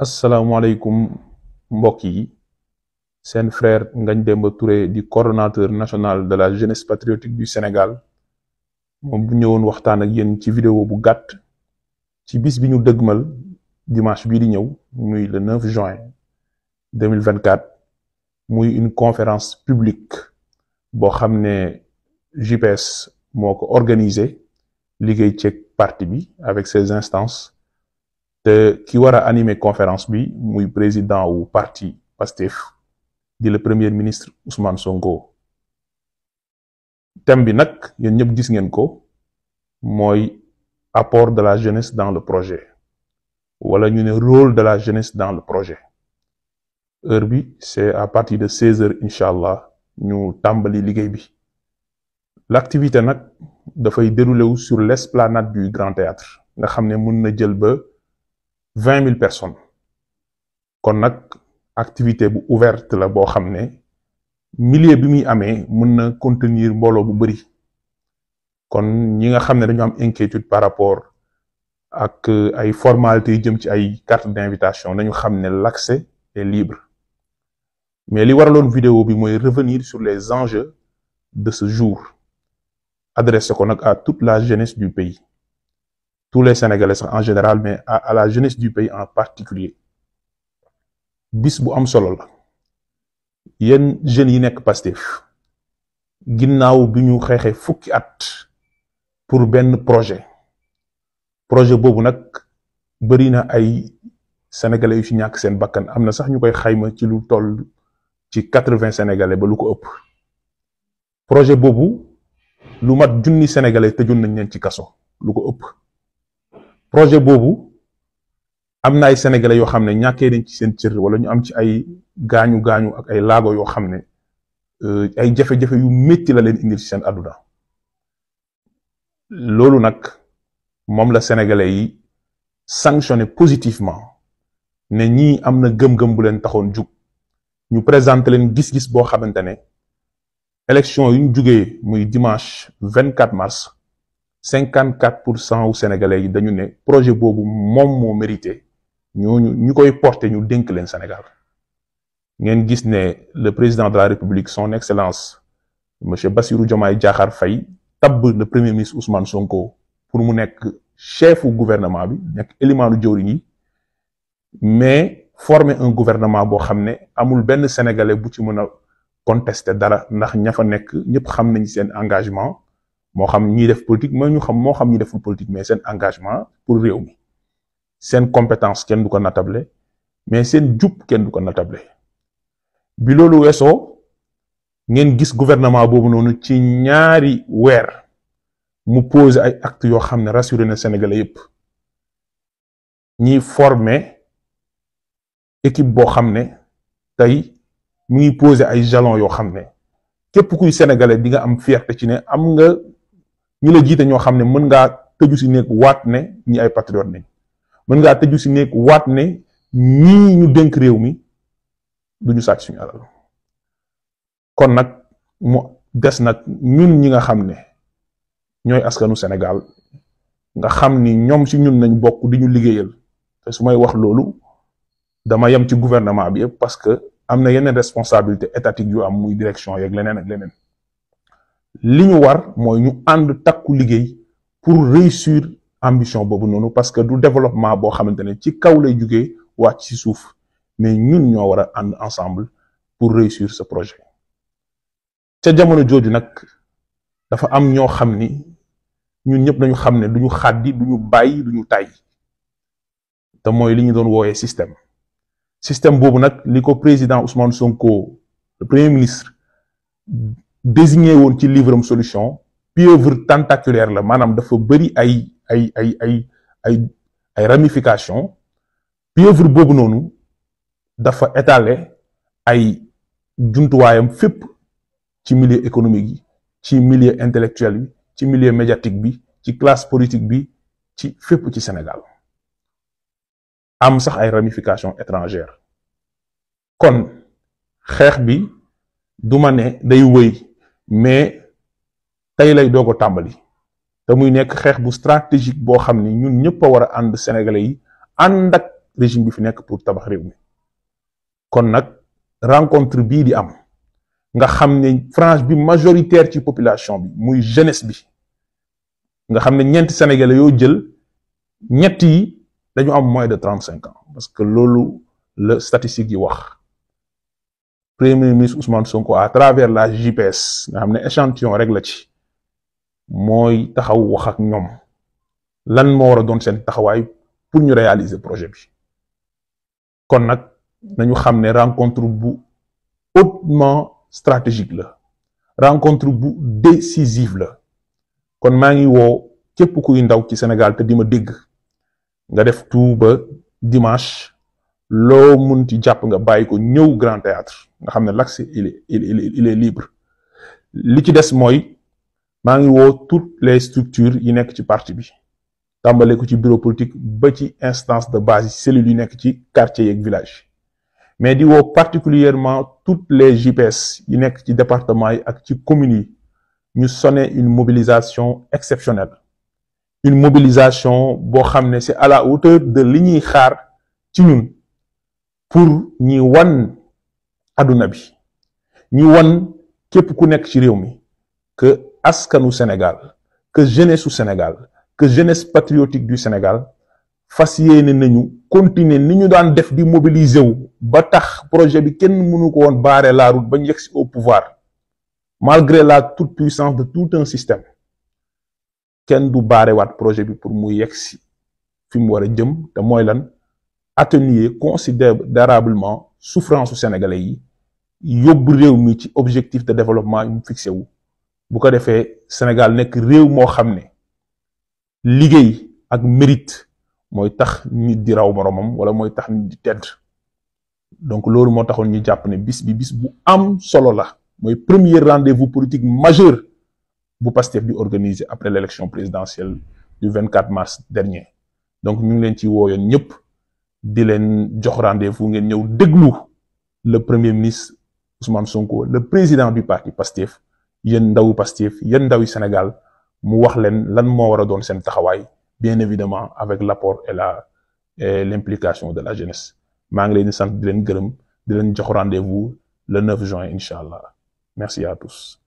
alaykum, mbokk yi seen frère Ngagne Demba Touré di coordonnateur national de la jeunesse patriotique du Sénégal moom bu ñëwoon waxtaan ak yéen ci vidéo bu gàtt ci bis bi ñu dëgmal dimanche bii di muy le 9 juin 2024 muy une conférence publique boo xam ne JPS moo ko organisé parti bi avec ses instances qui ki animé la conférence bi muy président ou parti Pastef di le premier ministre Ousmane Sonko thème bi nak, yéen ñëpp gis ko apport de la jeunesse dans le projet wala ñu rôle de la jeunesse dans le projet heure bi c'est à partir de 16h, nous allah ñu tàmbali liggéey bi l'activité nag dafay dérouler ou sur l'esplanade du Grand Théâtre nga xam ne mën 20 000 personnes kon une activité bu ouverte la bo xamné milliers de bi muy amé contenir mbolo bu kon ñi nga inquiétude par rapport à la euh, formalité de jëm ci carte d'invitation Nous xamné l'accès est libre mais li waralon vidéo bi revenir sur les enjeux de ce jour adressé à toute la jeunesse du pays tous les Sénégalais en général mais à, la jeunesse du pays en particulier bis bu am solo la yéen jeunes yi nek Pastef Ginnaw biñu ñu xeexee fukki pour ben projet projet bobu nak bari na ay sénégalais yu ci ñak sen bakkan Amna sax ñu xayma ci lu toll ci quatre sénégalais ba lu ko ëpp projet bobu lu mat junni sénégalais tëjoon nañ len ci kasso lu ko ëpp projet bobu amna ay sénégalais yo xamné ñaké dañ ci sen cër wala ñu am ci ay gañu gañu ak ay lago yo xamné euh ay jafé jafé yu metti la leen indil ci sen aduna lolu nak mom la sénégalais yi sanctionné positivement né ñi amna gëm-gëm bu leen taxone juk ñu présenter leen gis-gis bo xamante élection yu ñu jugee muy dimanche 24 mars. 54 des sénégalais que dañu un projet qui mom mo mérité nous, ñu porté porter ñu dénk leen Sénégal ngeen gis le président de la République son excellence monsieur Bassirou Diomaye Diakhar Faye tab le premier ministre Ousmane Sonko pour mu chef du gouvernement bi nekk élimaanu jëwriñ mais former un gouvernement pour xamné ne amul ben sénégalais bu ci mëna contester dara ndax ñafa nekk ñëpp xamnañ engagement. moo xam ñiy def politique mais xam moo xam ñi deful politique mais seen engagement pour réew mi seen compétence kenn du ko natable mais seen jub kenn du ko natable bi loolu weesoo ngeen gis gouvernement boobu noonu ci ñaari weer mu pose ay actes yoo xam ne rassuré na Sénégalais yépp ñi former équipe boo xam ne tey mu ngi poser ay jalons yoo xam ne képp kuy sénégalais bi nga am fierté ci ne am nga. ñi la jiite ñoo xam ne mën ngaa tëju si néeg waat ne ñi ay patriote nañ mën ngaa tëju si néeg waat ne ñii ñu dénk réew mi du ñu sàcc suñu alal kon nag mu des nag ñun ñi nga xam ne ñooy askanu Sénégal nga xam ni ñoom si ñun nañ bokk di ñu liggéeyal te su may wax loolu dama yem ci gouvernement bi yëpp parce que am na yeneen responsabilité étatique yu am muy direction yeeg leneen ak leneen liñu war moy ñu and takku liggéey pour réussir ambition bobu noonu parce que du développement bo xamante ci kaw lay juggé wàcc ci souf mais ñun ño wara and ensemble pour réussir ce projet ca jamono joju nak dafa am ño xamni ñun ñëpp dañu xam duñu xàddi duñu bayyi duñu tay te moy liñu ñu doon wooyee système système bobu nak liko président Ousmane Sonko le premier ministre désigné woon ci livre solution pieuvre tentaculaire la manam dafa bëri ay ay ay ay ay ay ramification pieuvre bobu noonu dafa étaler ay jumtuwaayam fep ci milieu économique yi ci milieu intellectuel bi ci milieu médiatique bi ci classe politique bi ci fep ci Sénégal am sax ay ramification étrangère kon xex bi du day wey mais tey lay doog a tàmbali te muy nekk xeex bu stratégique boo xam ni ñun ñëpp a war a ànd sénégalais yi ànd ak régime bi fi nekk pour tabax réew mi kon nag rencontre bii di am nga xam ne frange bi majoritaire ci population bi muy jeunesse bi nga xam ne ñeenti sénégalais yoo jël ñetti yi dañu am moins de trente cinq ans parce que loolu la statistique yi wax premier ministre Ousmane Sonko à travers la JPS nga xam échantillon rek la ci moy taxaw wax ak ñom lan mo wara doon seen pour ñu réaliser projet bi kon nak nañu xamné rencontre bu hautement stratégique la rencontre bu décisive la kon ma ngi wo képp kuy ndaw ci Sénégal te dima ma dégg nga def tout ba dimanche lo mun ci a nga bayiko ko grand théâtre nga xamné l'accès il est il est libre li ci des moy maa ngi toutes les structures yi nekk ci parti bi tambalé ko ci bureau politique ba ci instance de base yi cellules yi nekk ci quartier et village mais di wo particulièrement toutes les JPS yi nekk ci département yi ak ci communes ñu une mobilisation exceptionnelle une mobilisation qui xamné c'est à la hauteur de li de xaar ci pour ñi wan aduna bi ñi wan képp ku nekk ci réew mi que askanu Sénégal que jeunesse au Sénégal que jeunesse patriotique du Sénégal fas yéene nañu continuer ni ñu daan def di mobiliser wu ba tax projet bi kenn mënu ko la route ba au pouvoir malgré la toute puissance de tout un système kenn du barrer waat projet bi pour mu yegg fi mu war jëm te lan atténuer considérablement souffrance au sénégalais yi yóbbu réew mi objectif de développement fixé wu bu ko defee Sénégal nekk réew moo xam ne liggéey ak mérite mooy tax nit di raw moromam wala mooy tax nit di tedd donc loolu moo taxoon ñu jàpp ne bis bis bu am solo la premier rendez-vous politique majeur bu Pastef di organisé après l'élection présidentielle du 24 mars dernier donc ñu ngi leen ci woo di len jox rendez-vous ngeen le premier ministre Ousmane Sonko le président du parti Pastef yeen ndawu Pastef yeen ndawi Sénégal mu wax len lan mo wara bien évidemment avec l'apport et la l'implication de la jeunesse ma ngi leen di di rendez-vous le 9 juin inshallah merci à tous.